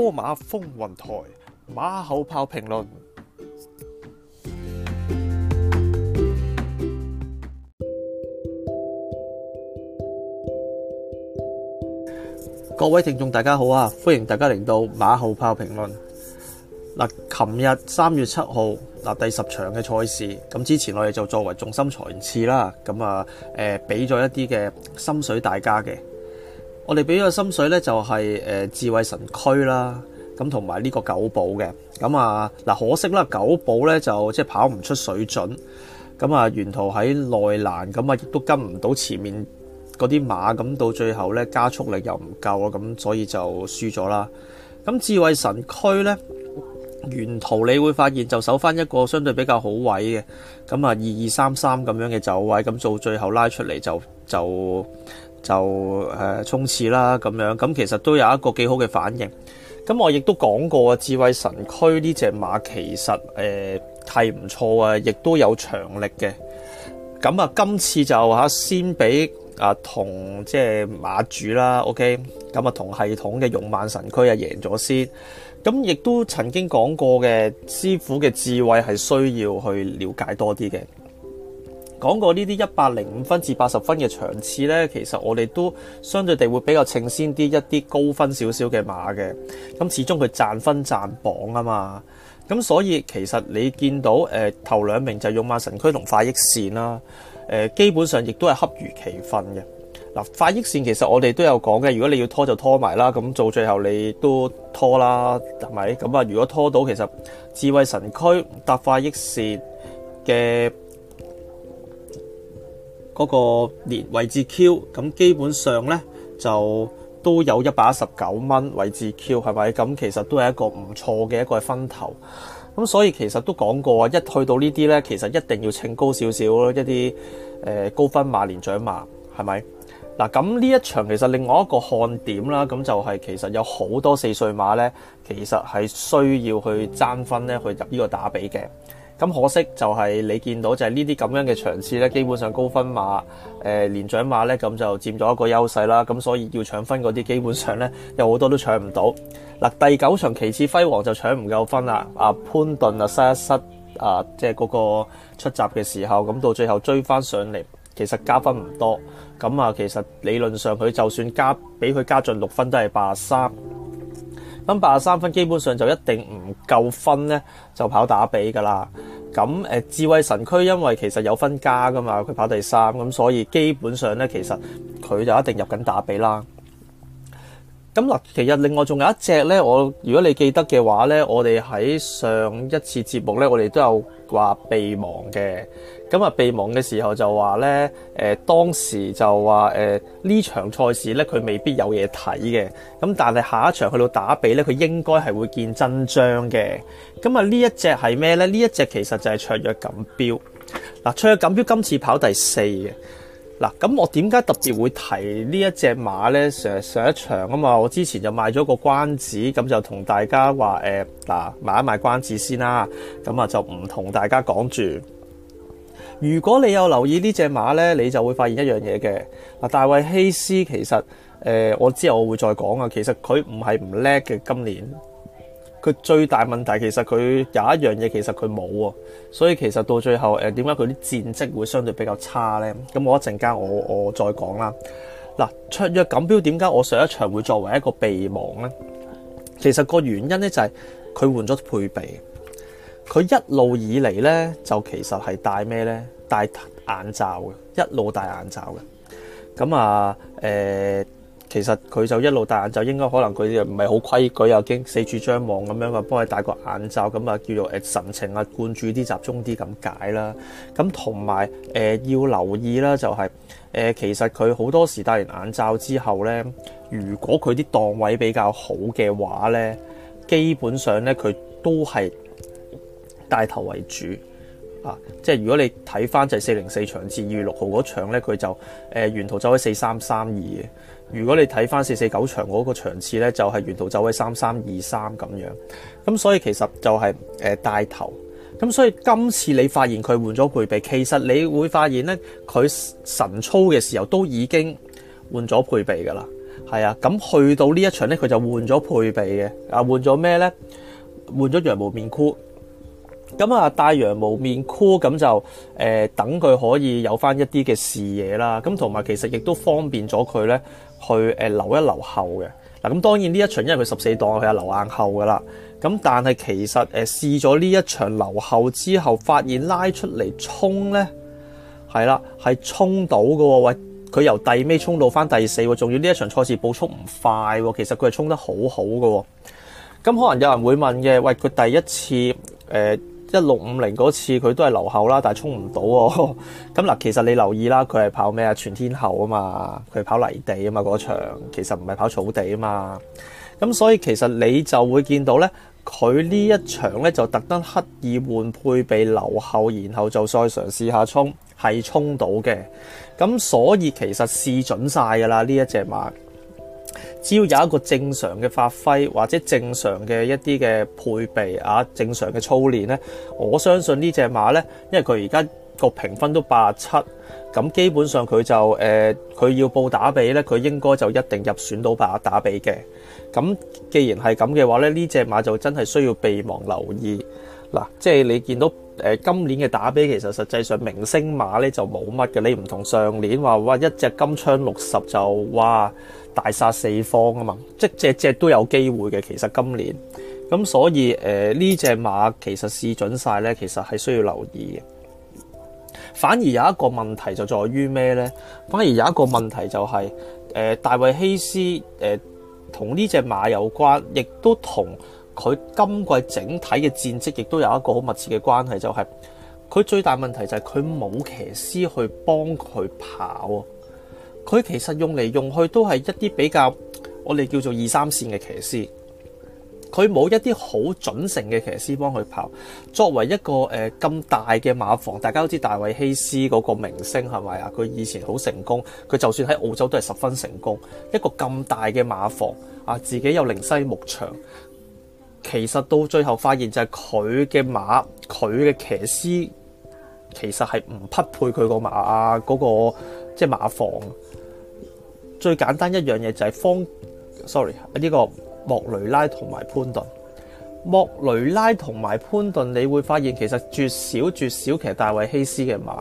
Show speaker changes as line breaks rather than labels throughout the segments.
波馬風雲台，馬後炮評論。各位聽眾，大家好啊！歡迎大家嚟到馬後炮評論。嗱，琴日三月七號嗱第十場嘅賽事，咁之前我哋就作為重心場次啦，咁啊誒俾咗一啲嘅心水大家嘅。我哋俾咗個心水呢，就係誒智慧神駒啦，咁同埋呢個九寶嘅。咁啊，嗱可惜啦，九寶呢就即係跑唔出水準。咁啊，沿途喺內欄，咁啊亦都跟唔到前面嗰啲馬，咁到最後呢，加速力又唔夠啊，咁所以就輸咗啦。咁智慧神駒呢，沿途你會發現就守翻一個相對比較好位嘅，咁啊二二三三咁樣嘅走位，咁到最後拉出嚟就就。就就誒，衝刺啦咁樣，咁其實都有一個幾好嘅反應，咁我亦都講過啊，智慧神駒呢隻馬其實誒，係唔錯啊，亦都有長力嘅。咁啊，今次就吓先俾啊同即係馬主啦，OK。咁啊同系統嘅勇猛神駒啊贏咗先。咁亦都曾經講過嘅，師傅嘅智慧係需要去了解多啲嘅。講過呢啲一百零五分至八十分嘅場次呢，其實我哋都相對地會比較稱先啲一啲高分少少嘅馬嘅。咁始終佢賺分賺榜啊嘛。咁所以其實你見到誒、呃、頭兩名就用永馬神駒同快益善啦、呃。基本上亦都係恰如其分嘅。嗱、啊，快益善其實我哋都有講嘅。如果你要拖就拖埋啦，咁做最後你都拖啦，係咪？咁啊，如果拖到其實智慧神駒搭快益善嘅。嗰個年位置 Q，咁基本上呢，就都有一百一十九蚊位置 Q，係咪？咁其實都係一個唔錯嘅一個分頭。咁所以其實都講過啊，一去到呢啲呢，其實一定要稱高少少咯，一啲誒高分馬、年長馬，係咪？嗱，咁呢一場其實另外一個看點啦，咁就係其實有好多四歲馬呢，其實係需要去爭分呢，去入呢個打比嘅。咁可惜就係你見到就係呢啲咁樣嘅場次咧，基本上高分馬、誒、呃、年長馬咧，咁就佔咗一個優勢啦。咁所以要搶分嗰啲，基本上咧有好多都搶唔到。嗱，第九場其次輝煌就搶唔夠分啦。阿、啊、潘頓啊，失一失啊，即係嗰個出閘嘅時候，咁到最後追翻上嚟，其實加分唔多。咁啊，其實理論上佢就算加俾佢加進六分都係八十三。咁八十三分基本上就一定唔夠分咧，就跑打吡㗎啦。咁誒智慧神駒，因為其實有分加㗎嘛，佢跑第三咁，所以基本上呢，其實佢就一定入緊打吡啦。咁嗱，其實另外仲有一隻咧，我如果你記得嘅話咧，我哋喺上一次節目咧，我哋都有話備忘嘅。咁啊，備忘嘅時候就話咧，誒當時就話誒呢場賽事咧，佢未必有嘢睇嘅。咁但係下一場去到打比咧，佢應該係會見真章嘅。咁啊，呢一隻係咩咧？呢一隻其實就係卓躍錦標。嗱，卓躍錦標今次跑第四嘅。嗱，咁我點解特別會提呢一隻馬咧？上上一場啊嘛，我之前就賣咗個關子，咁就同大家話誒，嗱、欸、買一買關子先啦。咁啊就唔同大家講住。如果你有留意隻呢隻馬咧，你就會發現一樣嘢嘅。大衛希斯其實、欸、我之後我會再講啊。其實佢唔係唔叻嘅，今年。佢最大問題，其實佢有一樣嘢其實佢冇喎，所以其實到最後誒點解佢啲戰績會相對比較差咧？咁我一陣間我我再講啦。嗱，卓越錦標點解我上一場會作為一個備忘咧？其實個原因咧就係佢換咗配備，佢一路以嚟咧就其實係戴咩咧？戴眼罩嘅，一路戴眼罩嘅。咁啊誒其實佢就一路戴眼罩，應該可能佢又唔係好規矩，又經四處張望咁樣嘛，幫佢戴個眼罩咁啊，就叫做神情啊，貫注啲集中啲咁解啦。咁同埋要留意啦、就係，就、呃、係其實佢好多時戴完眼罩之後咧，如果佢啲檔位比較好嘅話咧，基本上咧佢都係帶頭為主啊。即係如果你睇翻就係四零四場至二月六號嗰場咧，佢就誒、呃、沿途走喺四三三二嘅。如果你睇翻四四九場嗰個場次咧，就係沿途走位三三二三咁樣，咁所以其實就係誒帶頭，咁所以今次你發現佢換咗配備，其實你會發現咧，佢神操嘅時候都已經換咗配備噶啦，係啊，咁去到呢一場咧，佢就換咗配備嘅，啊換咗咩咧？換咗羊毛面箍。咁啊，戴羊毛面箍咁就誒、呃，等佢可以有翻一啲嘅視野啦。咁同埋其實亦都方便咗佢咧，去、呃、留一留後嘅。嗱，咁當然呢一場因為佢十四檔，佢係留硬後噶啦。咁但係其實誒、呃、試咗呢一場留後之後，發現拉出嚟衝咧，係啦，係衝到㗎喎、哦。喂，佢由第尾衝到翻第四喎、哦，仲要呢一場賽事步速唔快喎、哦。其實佢係衝得好好喎、哦。咁可能有人會問嘅，喂，佢第一次誒？呃一六五零嗰次佢都係留後啦，但係衝唔到喎。咁嗱，其實你留意啦，佢係跑咩啊？全天候啊嘛，佢跑泥地啊嘛，嗰場其實唔係跑草地啊嘛。咁所以其實你就會見到咧，佢呢一場咧就特登刻意換配備留後，然後就再嘗試下衝，係衝到嘅。咁所以其實試準晒㗎啦，呢一隻馬。只要有一個正常嘅發揮，或者正常嘅一啲嘅配備啊，正常嘅操練呢，我相信呢隻馬呢，因為佢而家個評分都八七，咁基本上佢就誒，佢、呃、要報打比呢，佢應該就一定入選到八打比嘅。咁既然係咁嘅話呢，呢隻馬就真係需要備忘留意，嗱，即係你見到。呃、今年嘅打比其實實際上明星馬咧就冇乜嘅，你唔同上年話哇一隻金槍六十就哇大殺四方啊嘛，即隻隻都有機會嘅。其實今年咁，所以誒呢隻馬其實試準晒咧，其實係需要留意嘅。反而有一個問題就在於咩咧？反而有一個問題就係誒大衛希斯誒同呢隻馬有關，亦都同。佢今季整體嘅戰績亦都有一個好密切嘅關係，就係、是、佢最大問題就係佢冇騎師去幫佢跑。佢其實用嚟用去都係一啲比較我哋叫做二三線嘅騎師，佢冇一啲好準成嘅騎師幫佢跑。作為一個咁、呃、大嘅馬房，大家都知大衛希斯嗰個明星係咪啊？佢以前好成功，佢就算喺澳洲都係十分成功。一個咁大嘅馬房啊，自己有靈西牧場。其實到最後發現就係佢嘅馬，佢嘅騎師其實係唔匹配佢個馬啊！嗰、那個即係馬房。最簡單一樣嘢就係方，sorry，呢、這個莫雷拉同埋潘頓。莫雷拉同埋潘頓，潘頓你會發現其實絕少絕少騎大衛希斯嘅馬。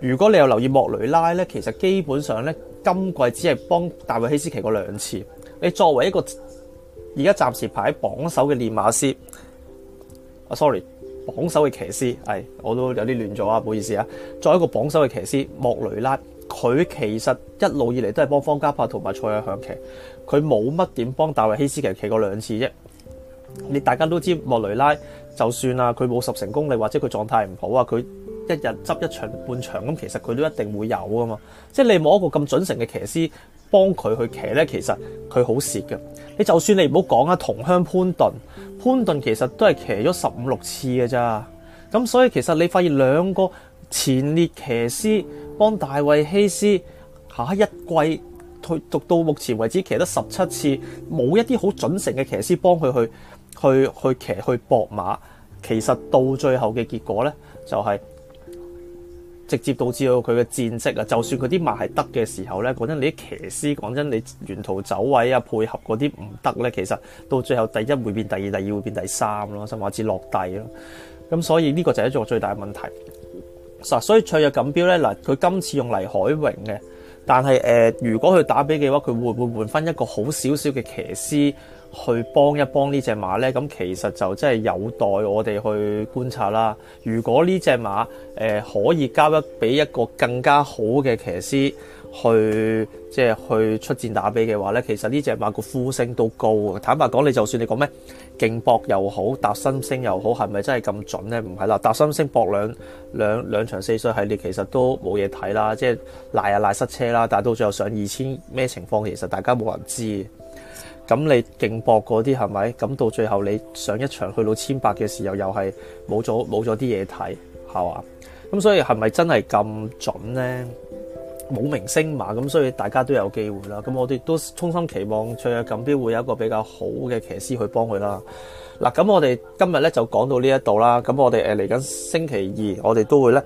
如果你有留意莫雷拉咧，其實基本上咧，今季只係幫大衛希斯騎過兩次。你作為一個而家暫時排喺榜首嘅練馬師，啊 sorry，榜首嘅騎師，係我都有啲亂咗啊，唔好意思啊。作為一個榜首嘅騎師莫雷拉，佢其實一路以嚟都係幫方嘉柏同埋蔡亞向騎，佢冇乜點幫戴維希斯，其實騎過兩次啫。你大家都知莫雷拉就算啊，佢冇十成功力或者佢狀態唔好啊，佢一日執一場半場咁，其實佢都一定會有啊嘛。即係你冇一個咁準成嘅騎師。幫佢去騎呢，其實佢好蝕㗎。你就算你唔好講啊，同鄉潘頓，潘頓其實都係騎咗十五六次㗎咋。咁所以其實你發現兩個前列騎師幫大衛希斯下一季，去到目前為止騎得十七次，冇一啲好準成嘅騎師幫佢去去去騎去駁馬。其實到最後嘅結果呢，就係、是。直接導致到佢嘅戰績啊！就算佢啲馬係得嘅時候咧，講真你啲騎師，講真你沿途走位啊、配合嗰啲唔得咧，其實到最後第一會變第二，第二會變第三咯，甚至落第咯。咁所以呢個就係一個最大嘅問題。嗱，所以卓越錦標咧，嗱，佢今次用嚟海榮嘅。但係誒、呃，如果佢打吡嘅話，佢會唔會換翻一個好少少嘅騎師去幫一幫呢隻馬咧？咁其實就真係有待我哋去觀察啦。如果呢隻馬誒、呃、可以交一俾一個更加好嘅騎師去即係、就是、去出戰打吡嘅話咧，其實呢隻馬個呼聲都高啊！坦白講，你就算你講咩？競搏又好，搭新星又好，係咪真係咁準呢？唔係啦，搭新星搏兩兩兩，兩場四歲系列其實都冇嘢睇啦，即係賴啊賴塞車啦，但係到最後上二千咩情況，其實大家冇人知。咁你競搏嗰啲係咪？咁到最後你上一場去到千八嘅時候又，又係冇咗冇咗啲嘢睇，係嘛？咁所以係咪真係咁準呢？冇明星嘛，咁所以大家都有機會啦。咁我哋都衷心期望在嘅錦標會有一個比較好嘅騎師去幫佢啦。嗱，咁我哋今日咧就講到呢一度啦。咁我哋嚟緊星期二，我哋都會咧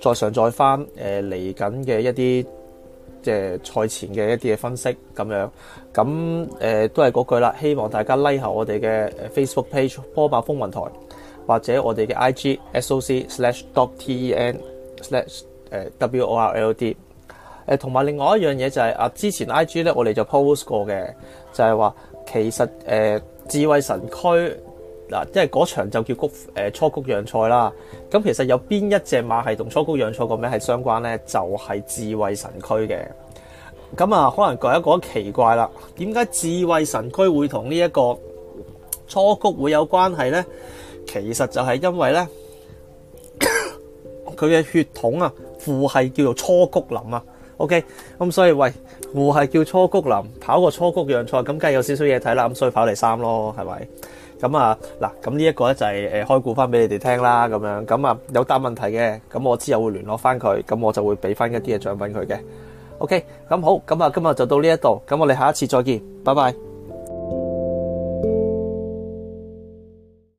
再上載返嚟緊嘅一啲即係賽前嘅一啲嘅分析咁樣。咁、呃、都係嗰句啦，希望大家 like 下我哋嘅 Facebook page 波馬風雲台，或者我哋嘅 I G s o c slash dot t e n slash w o r l d。同埋另外一樣嘢就係啊，之前 I G 咧，我哋就 post 過嘅，就係、是、話其實誒、呃、智慧神區嗱，因為嗰場就叫谷雛菊讓賽啦。咁其實有邊一隻馬係同雛菊讓賽個名係相關咧？就係、是、智慧神駒嘅。咁啊，可能各位覺得奇怪啦，點解智慧神駒會同呢一個雛菊會有關係咧？其實就係因為咧，佢嘅血統啊，父係叫做雛菊林啊。OK，咁所以喂，父系叫雛菊林，跑過雛菊讓賽，咁梗係有少少嘢睇啦，咁所以跑嚟三咯，係咪？咁啊，嗱，咁呢一個咧就係誒開估翻俾你哋聽啦，咁樣，咁啊有答問題嘅，咁我之後會聯絡翻佢，咁我就會俾翻一啲嘅獎品佢嘅。OK，咁好，咁啊今日就到呢一度，咁我哋下一次再見，拜拜。